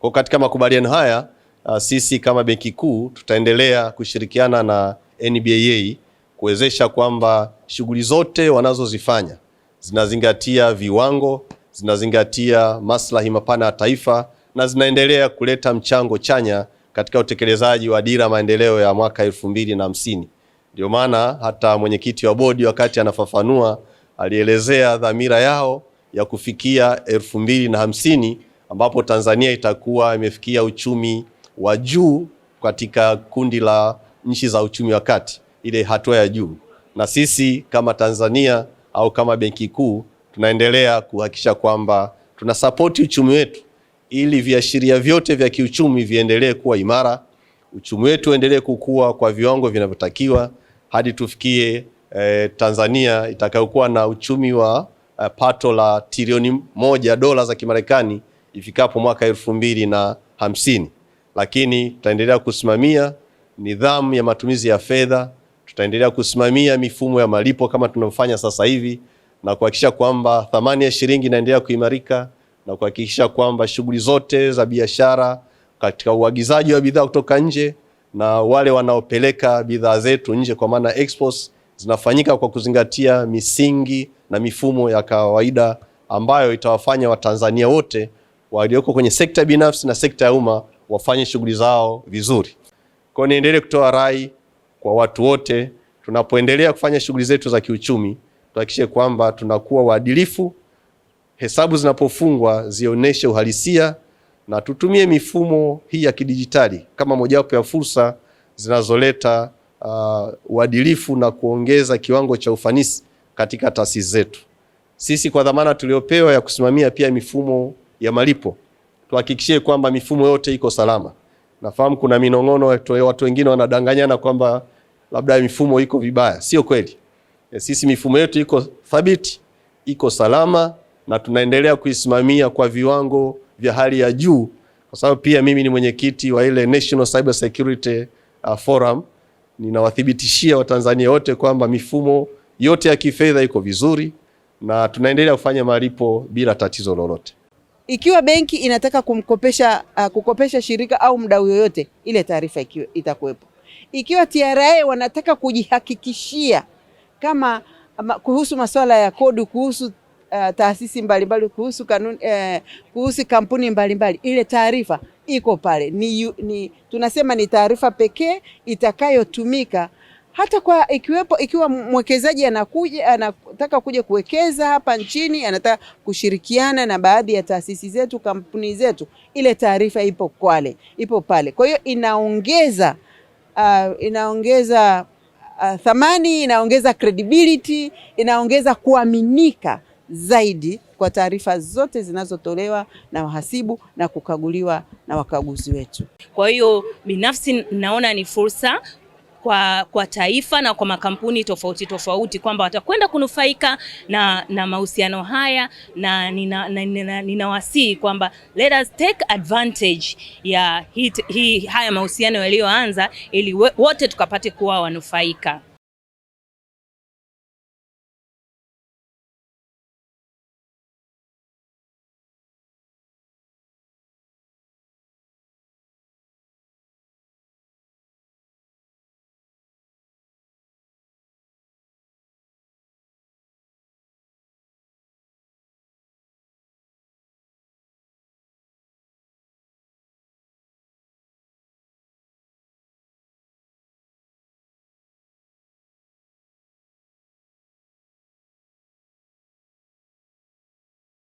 Kwa katika makubaliano haya uh, sisi kama Benki Kuu tutaendelea kushirikiana na NBAA kuwezesha kwamba shughuli zote wanazozifanya zinazingatia viwango, zinazingatia maslahi mapana ya taifa na zinaendelea kuleta mchango chanya katika utekelezaji wa dira maendeleo ya mwaka elfu mbili na hamsini. Ndio maana hata mwenyekiti wa bodi wakati anafafanua alielezea dhamira yao ya kufikia elfu mbili na hamsini ambapo Tanzania itakuwa imefikia uchumi wa juu katika kundi la nchi za uchumi wa kati, ile hatua ya juu, na sisi kama Tanzania au kama Benki Kuu tunaendelea kuhakikisha kwamba tunasapoti uchumi wetu ili viashiria vyote vya kiuchumi viendelee kuwa imara, uchumi wetu uendelee kukua kwa viwango vinavyotakiwa hadi tufikie eh, Tanzania itakayokuwa na uchumi wa eh, pato la trilioni moja dola za Kimarekani ifikapo mwaka elfu mbili na hamsini, lakini tutaendelea kusimamia nidhamu ya matumizi ya fedha, tutaendelea kusimamia mifumo ya malipo kama tunavyofanya sasa hivi na kuhakikisha kwamba thamani ya shilingi inaendelea kuimarika na kuhakikisha kwamba shughuli zote za biashara katika uagizaji wa bidhaa kutoka nje na wale wanaopeleka bidhaa zetu nje kwa maana exports zinafanyika kwa kuzingatia misingi na mifumo ya kawaida ambayo itawafanya Watanzania wote walioko kwenye sekta binafsi na sekta ya umma wafanye shughuli zao vizuri. Kwa hiyo niendelee kutoa rai kwa watu wote, tunapoendelea kufanya shughuli zetu za kiuchumi, tuhakikishe kwamba tunakuwa waadilifu, hesabu zinapofungwa zionyeshe uhalisia, na tutumie mifumo hii ya kidijitali kama mojawapo ya fursa zinazoleta uh, uadilifu na kuongeza kiwango cha ufanisi katika taasisi zetu. Sisi kwa dhamana tuliopewa ya kusimamia pia mifumo ya malipo, tuhakikishie kwamba mifumo yote iko salama. Nafahamu kuna minong'ono, watu wengine wanadanganyana kwamba labda mifumo iko vibaya. Sio kweli, eh, sisi mifumo yetu iko thabiti, iko salama na tunaendelea kuisimamia kwa viwango vya hali ya juu, kwa sababu pia mimi ni mwenyekiti wa ile National Cyber Security uh, Forum. Ninawathibitishia Watanzania wote kwamba mifumo yote ya kifedha iko vizuri na tunaendelea kufanya malipo bila tatizo lolote. Ikiwa benki inataka kumkopesha uh, kukopesha shirika au mdau yoyote, ile taarifa itakuwepo. Ikiwa TRA wanataka kujihakikishia kama ama, kuhusu masuala ya kodi, kuhusu uh, taasisi mbalimbali mbali, kuhusu kanuni uh, kuhusu kampuni mbalimbali mbali, ile taarifa iko pale ni, ni tunasema ni taarifa pekee itakayotumika hata kwa ikiwepo, ikiwa mwekezaji anakuja anataka kuja kuwekeza hapa nchini, anataka kushirikiana na baadhi ya taasisi zetu, kampuni zetu, ile taarifa ipo kwale, ipo pale. Kwa hiyo inaongeza uh, inaongeza uh, thamani, inaongeza credibility, inaongeza kuaminika zaidi kwa taarifa zote zinazotolewa na wahasibu na kukaguliwa na wakaguzi wetu. Kwa hiyo binafsi naona ni fursa kwa, kwa taifa na kwa makampuni tofauti tofauti kwamba watakwenda kunufaika na, na mahusiano haya na ninawasihi nina, nina kwamba let us take advantage ya hit, hii, haya mahusiano yaliyoanza ili wote tukapate kuwa wanufaika.